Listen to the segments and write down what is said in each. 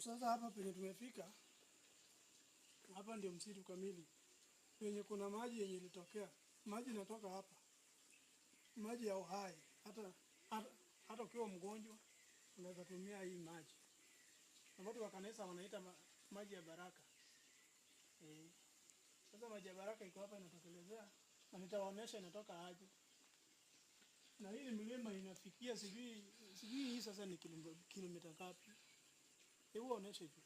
Sasa hapa penye tumefika hapa ndio msitu kamili, penye kuna maji yenye ilitokea. Maji inatoka hapa, maji ya uhai. Hata hata, ukiwa mgonjwa unaweza tumia hii maji, na watu wa kanisa wanaita ma, maji ya baraka e. Sasa maji ya baraka iko hapa, inatokelezea na nitawaonyesha inatoka aje, na hii milima inafikia sijui sijui hii sasa ni kilomita ngapi Hebu waoneshe juu.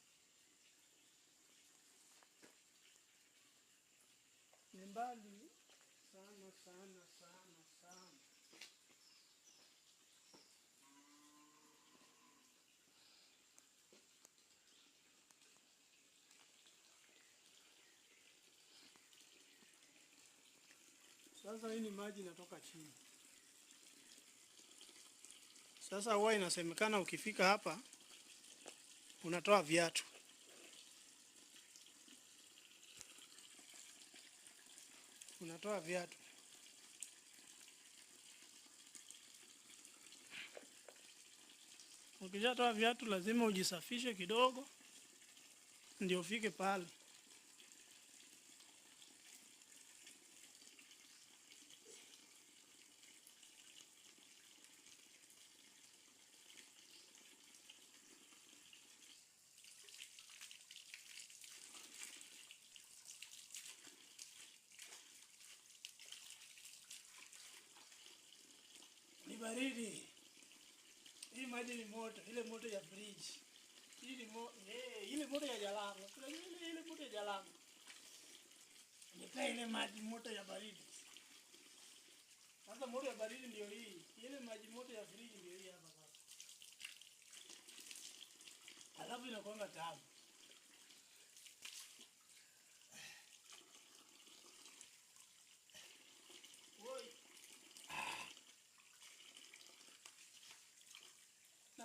Ni mbali sana sana sana sana. Sasa hii ni maji inatoka chini. Sasa huwa inasemekana ukifika hapa unatoa viatu. Unatoa viatu. Ukishatoa viatu lazima ujisafishe kidogo ndio ufike pale. baridi. Hii maji ni moto, ile moto ya fridge. Hii ni mo eh, ile moto ya jalango. Kuna ile ile moto ya jalango. Nikaa ile maji moto ya baridi. Sasa moto ya baridi ndio hii. Ile maji moto ya fridge ndio hii hapa sasa. Alafu inakuwa tamu.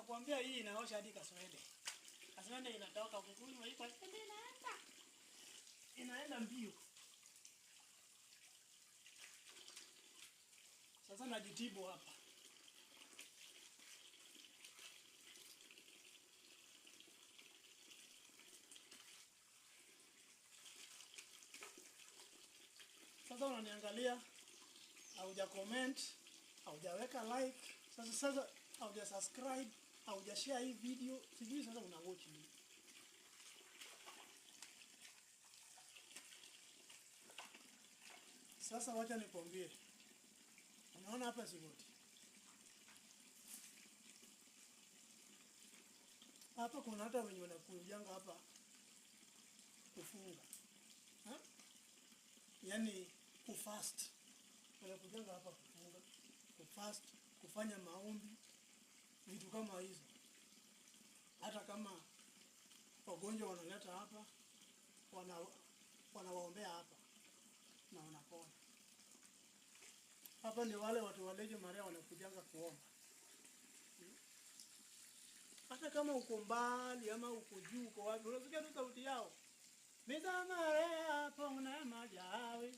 Nakwambia hii inaosha hadi kaswende. Kaswende inatoka ukikunywa hii sababu inaenda. Inaenda mbio. Sasa najitibu hapa. Sasa unaniangalia, hauja comment, weka like, sasa sasa hauja subscribe haujashare hii video, sijui sasa una watch nini. Sasa wacha nikwambie, unaona hapa zigoti hapa, kuna hata wenye wanakujanga hapa kufunga ha? Yani kufast wanakujanga hapa kufunga kufast, kufanya maombi kama hizo, hata kama wagonjwa wanaleta hapa, wana wanawaombea hapa na wanapona hapa. Ni wale watu wa Legio Maria wanakujanga kuomba, hata kama uko mbali ama uko juu, uko wapi, unasikia tu sauti yao Bikira Maria pong'na ma jawi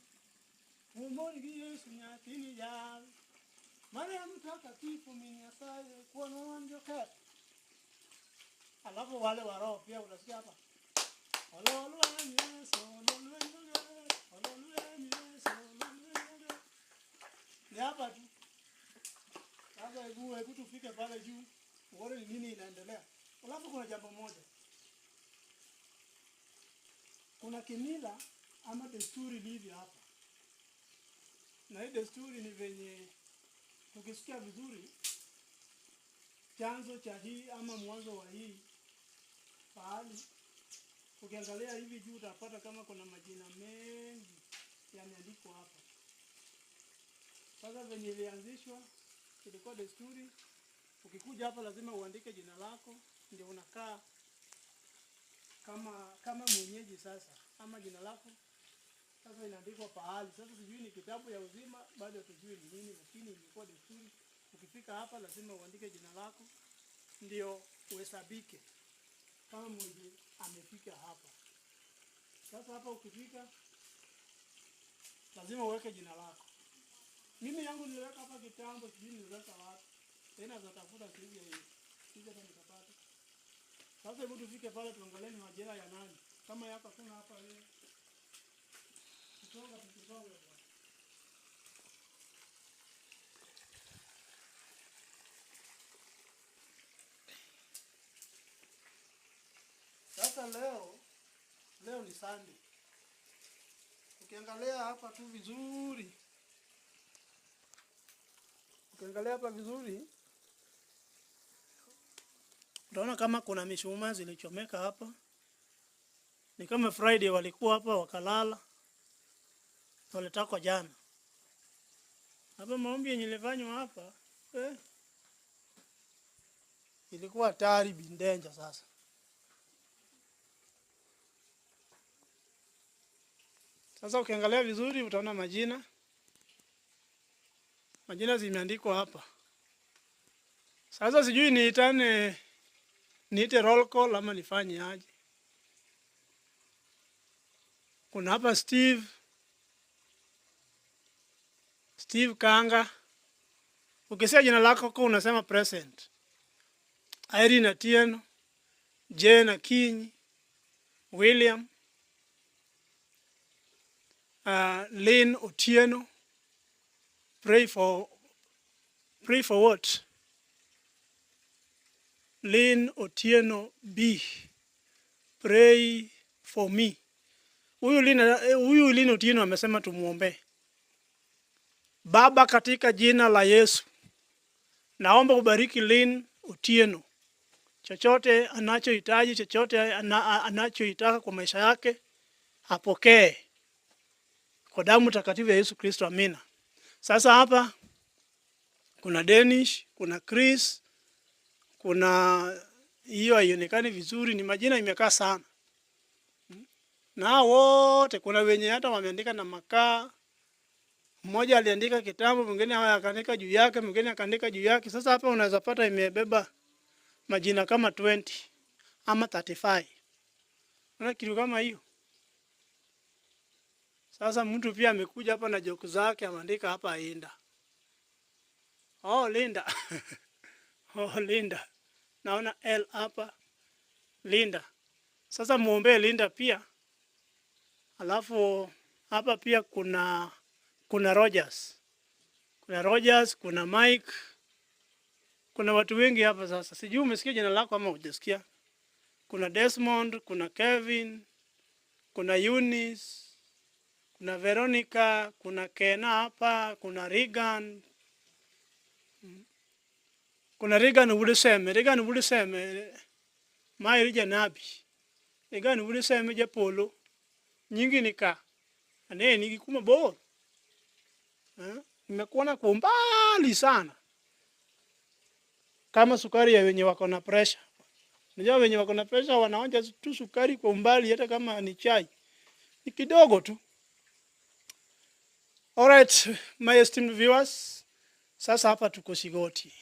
Yesu nyathini yawe Mariamu Mtakatifu minyasaye kuwa na wanjoketi. Alafu wale wa pia utasikia hapa. Ololweni Yesu, ololweni Yesu, ololweni Yesu, ololweni Yesu. Ni hapa tu. Sasa hebu hebu tufike pale juu. Uone ni nini inaendelea. Alafu kuna jambo moja. Kuna kimila ama desturi hivi hapa. Na hii desturi ni venye Ukisikia vizuri, chanzo cha hii ama mwanzo wa hii fahali, ukiangalia hivi juu utapata kama kuna majina mengi yameandikwa hapa. Sasa venye ilianzishwa, ilikuwa desturi, ukikuja hapa lazima uandike jina lako, ndio unakaa kama kama mwenyeji sasa, ama jina lako sasa inaandikwa pahali. Sasa sijui ni kitabu ya uzima, bado hatujui ni nini, lakini imekuwa desturi, ukifika hapa lazima uandike jina lako ndio uhesabike kama mwenye amefika hapa. Sasa hapa ukifika, lazima uweke jina lako. Mimi yangu niliweka hapa kitambo, sijui niliweka wapi tena, zatafuta sivyo ya hiyo sija hata nikapata. Sasa hebu tufike pale, tuangalie ni majira ya nani, kama yako hakuna hapa leo bwana. Sasa leo leo ni Sunday. Ukiangalia hapa tu vizuri, ukiangalia hapa vizuri, utaona kama kuna mishumaa zilichomeka hapa, ni kama Friday walikuwa hapa wakalala walitakwa jana hapa. Maombi yenye lifanywa hapa eh, ilikuwa tayari bindenja sasa Sasa ukiangalia vizuri utaona majina, majina zimeandikwa hapa. Sasa sijui niitane, niite roll call ama nifanye aje? Kuna hapa Steve Steve Kanga. ukisema jina lako kwa unasema present. Irene Atieno, Jane Akinyi, William, uh, Lynn Otieno. Pray for, pray for what? Lynn Otieno B. Pray for me. Huyu Lynn eh, Otieno amesema tumuombe. Baba, katika jina la Yesu naomba ubariki Lynn Otieno, chochote anachohitaji, chochote anachoitaka kwa maisha yake apokee kwa damu takatifu ya Yesu Kristo, amina. Sasa hapa kuna Danish, kuna Chris, kuna hiyo haionekani vizuri, ni majina imekaa sana na wote, kuna wenye hata wameandika na makaa mmoja aliandika kitabu, mwingine akaandika juu yake, mwingine akaandika juu yake. Sasa hapa unaweza pata imebeba majina kama 20 ama 35. Una kitu kama hiyo. Sasa mtu pia amekuja hapa na joku zake ameandika hapa aenda. Oh, Linda. oh, Linda. Naona L hapa Linda. Sasa muombe Linda pia. Alafu hapa pia kuna kuna Rogers, kuna Rogers, kuna Mike, kuna watu wengi hapa. Sasa sijui umesikia jina lako ama hujasikia. Kuna Desmond, kuna Kevin, kuna Eunice, kuna Veronica, kuna Kena hapa, kuna Regan, kuna Regan wuliseme, Regan wuliseme mairi janabi Regan wuliseme japolo nyingi nika aneni gikuma bor Eh? nimekuona kwa umbali sana, kama sukari ya wenye wako na pressure. Unajua wenye wako na pressure wanaonja tu sukari kwa umbali, hata kama ni chai ni kidogo tu. Alright, my esteemed viewers, sasa hapa tuko Sigoti,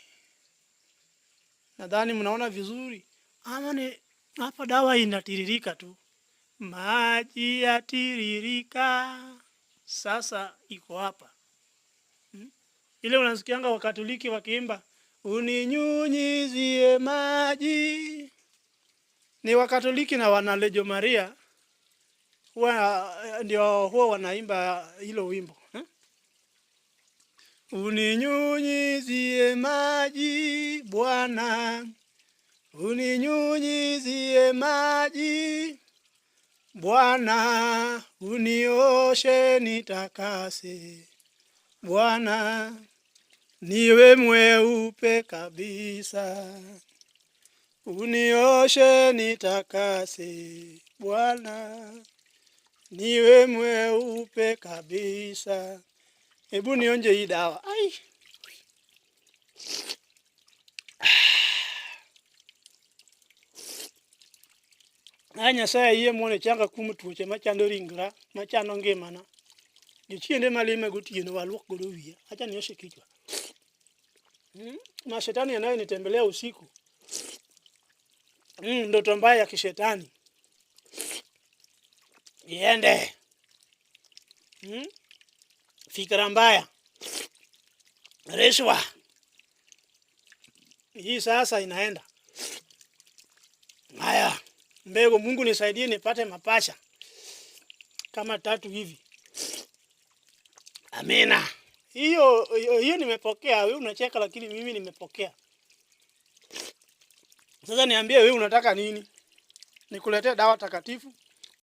nadhani mnaona vizuri ama ni hapa dawa inatiririka tu, maji yatiririka. Sasa iko hapa ile unasikianga Wakatoliki wakiimba uninyunyizie maji, ni Wakatoliki na wanalejo Maria huwa ndio huwa wanaimba hilo wimbo eh? Uninyunyizie maji Bwana, uninyunyizie maji Bwana, unioshe nitakase Bwana niwe mweupe kabisa, unioshe nitakase Bwana, niwe mweupe kabisa. Hebu nionje hii dawa ai. Aya Nyasaye yie mwone changa kum tuoche machando ringra machando ngimana gichiende malime gotieno waluok godo wiya achani oshe kichwa mm, mashetani nitembelea usiku mm, ndoto mbaya ya kishetani iende. Mm, fikra mbaya, rishwa hii sasa inaenda haya mbegu. Mungu nisaidie nipate mapasha kama tatu hivi. Amina hiyo hiyo nimepokea. Wewe unacheka, lakini mimi nimepokea. Sasa niambie wewe unataka nini? Nikuletee dawa takatifu?